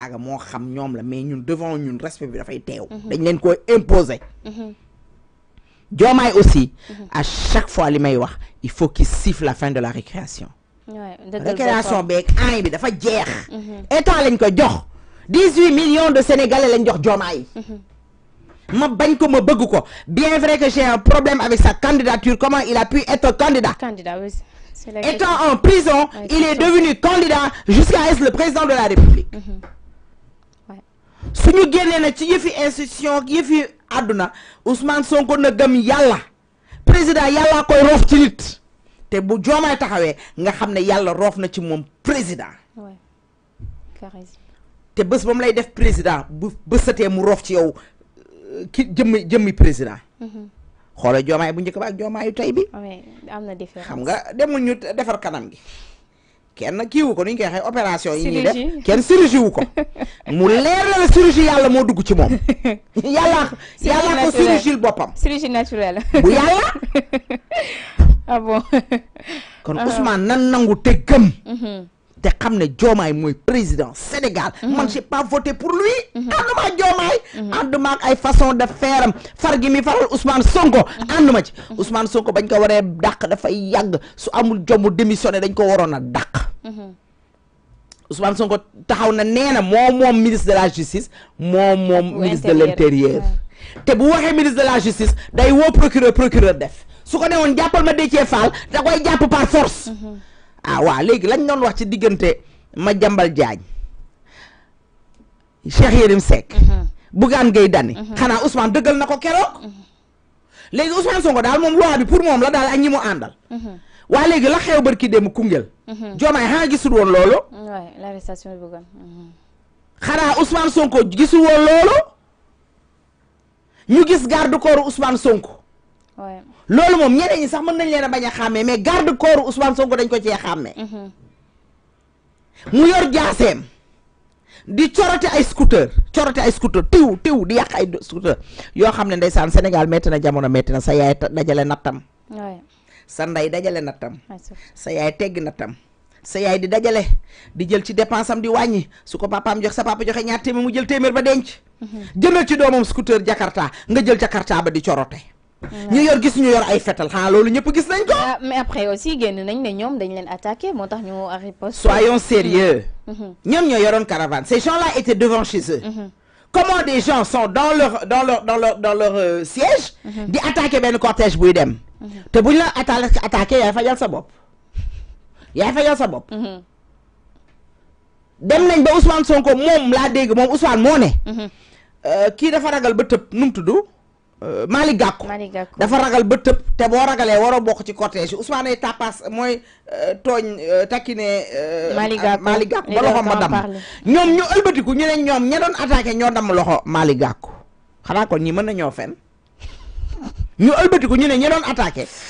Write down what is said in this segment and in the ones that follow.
aga mo xam ñom la mais ñun devant ñun respect bi fay tew mhm. dañ leen ko imposer mhm. Diomaye aussi mhm. à chaque fois li may wax il faut qu'il siffle la fin de la récréation récréation beeg une bi dafa jeex état lañ ko jox 18 millions de sénégalais lañ jox Diomaye ma bañ ko ma bëgg ko bien vrai que j'ai un problème avec sa candidature comment il a pu être candidat étant en prison il est devenu candidat jusqu'à être le président de la république ñu génnee na ci yëfi institution yëfi àdduna Ousmane Sonko na gëm yàlla président yàllaa koy roof ci nit te bu joomaay taxawee nga xam ne yàlla roof na ci moom président te bés ba mu lay def président bu bësatee mu roof ci yow euh, ki jëmmi jëmmi président mm-hmm. xoolal joomaay bu njëkk ba ak joomaayu tey bi am na xam nga demul ñu defar kanam gi kenn kiiwu ko ni ñu koy waxee opération yi ñuy def kenn chirurgie wu mu leer la la chirurgie yàlla moo dugg ci moom yàlla yàlla ko chirurgie boppam chirurgie naturelle bu yàlla ah bon kon ah. Ousmane nan nangu te gëm mhm. Je suis le président du Sénégal mhm. je n'ai pas voté pour lui mhm. ànduma ak Diomaye Je mhm. ak ay façon de faire Je mi faral Ousmane Sonko ci Ousmane Sonko pas ko faire dàq dafay yàgg su amul jombu démissionné dañ ko waroon a Ousmane Sonko taxaw na nee ministre de la justice moom le ministre de l'intérieur te bu waxee ministre de la justice day woo procureur procureur def su ko ne diable ma Fall da par force ah waaw léegi lañ doon wax ci diggante Madiambal Diagne Cheikh Yérim Seck mhm. Bougane gay Dany mhm. xanaa Ousmane dëggal na ko keroog mhm. léegi Ousmane Sonko daal moom loi bi pour moom la daal ak ñi mu àndal waa léegi la xew bërki dem Koungheul Diomaye xanaa gisul woon loolu xanaa Ousmane Sonko gisul woon loolu ñu gis garde corps Ousmane Sonko loolu mom ñeneñ sax mën nañ leena baña xamé mais garde corps Ousmane Sonko dañ ko ci xamé mhm. mu yor jassem di corote ay scooter corote ay scooter tiw tiw di yak ay scooter yo xamné ndaysan Sénégal metti na jamono metti na sa yaay natam, nattam. sa nday dajalé natam sa yaay tégg natam sa yaay di dajalé di jël ci dépense am di wañi su ko papaam jox sa papa joxé ñaar témé mu jël témér ba denc. Mhm. jëndal ci domam scooter Jakarta nga jël Jakarta ba di corote. ñu yor gis ñu yor ay fétal xanaa loolu ñëpp gis nañ ko. Ah, mais après aussi génn nañ ne ñoom dañ leen attaqué moo tax ñu riposte. soyons sérieux. Mm-hmm. Mm-hmm. ñoom ñoo yoroon caravane ces gens là étaient devant chez eux. Mm-hmm. comment des gens sont dans leur dans leur dans leur dans leur euh, siège. di attaqué benn cortège buy dem. te buñ la attaqué attaqué yaay fajal sa bopp. yaay fajal sa bopp. dem nañ ba Ousmane Sonko moom laa dégg moom Ousmane moo ne. Euh, kii dafa ragal ba tëb num mu tudd. Euh, Malick Gakou dafa ragal ba tëb te boo ragalee waroo bokk ci cortège yi Ousmane ay tapas mooy euh, tooñ euh, takkine Malick Gakou ba loxo ma damm ñoom ñu ëlbatiku ñu ne ñoom ña doon attaqué ñoo damm loxo Malick Gakou xanaa kon ñi mën nañoo fen ñu ëlbatiku ñu ne ña doon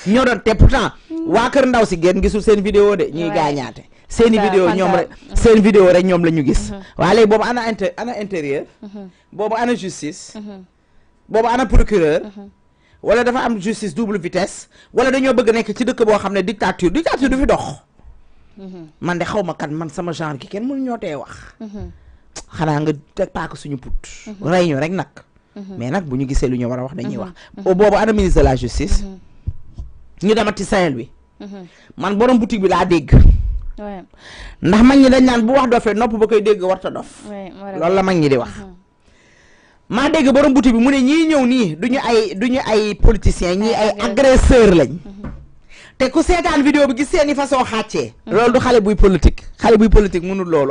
ñoo doon te pourtant waa kër ndaw si génn gisul seen vidéo de ñuy gaañaate seeni vidéo ñoom rek seen vidéo rek ñoom la ñu gis mm-hmm. waa léegi boobu ana inter ana intérieur mm-hmm. boobu ana justice mm-hmm. boobu ana procureur mhm. wala dafa am justice double vitesse wala dañoo bëgg nekk ci dëkk boo xam ne dictature dictature du fi dox mhm. man de xaw ma kan man sama genre ki kenn mënu ñoo tee wax mhm. xanaa nga te paak suñu put rey ñu rek nag mais nag bu ñu gisee lu ñu war a wax dañuy wax boobu ana ministre de la justice ñu demati Saint-Louis man borom boutique bi laa dégg ndax mag ñi dañ naan bu wax dofee nopp ba koy dégg warta dof loolu la mag ñi di wax maa dégg borom boutique bi mu ne ñii ñëw nii du ñu ay du ñu ay politiciens ñii ay agresseur lañ. Mm-hmm. te ku seetaan vidéo bi gis seeni façon xàccee. loolu du xale buy politique xale buy politique mënul loolu.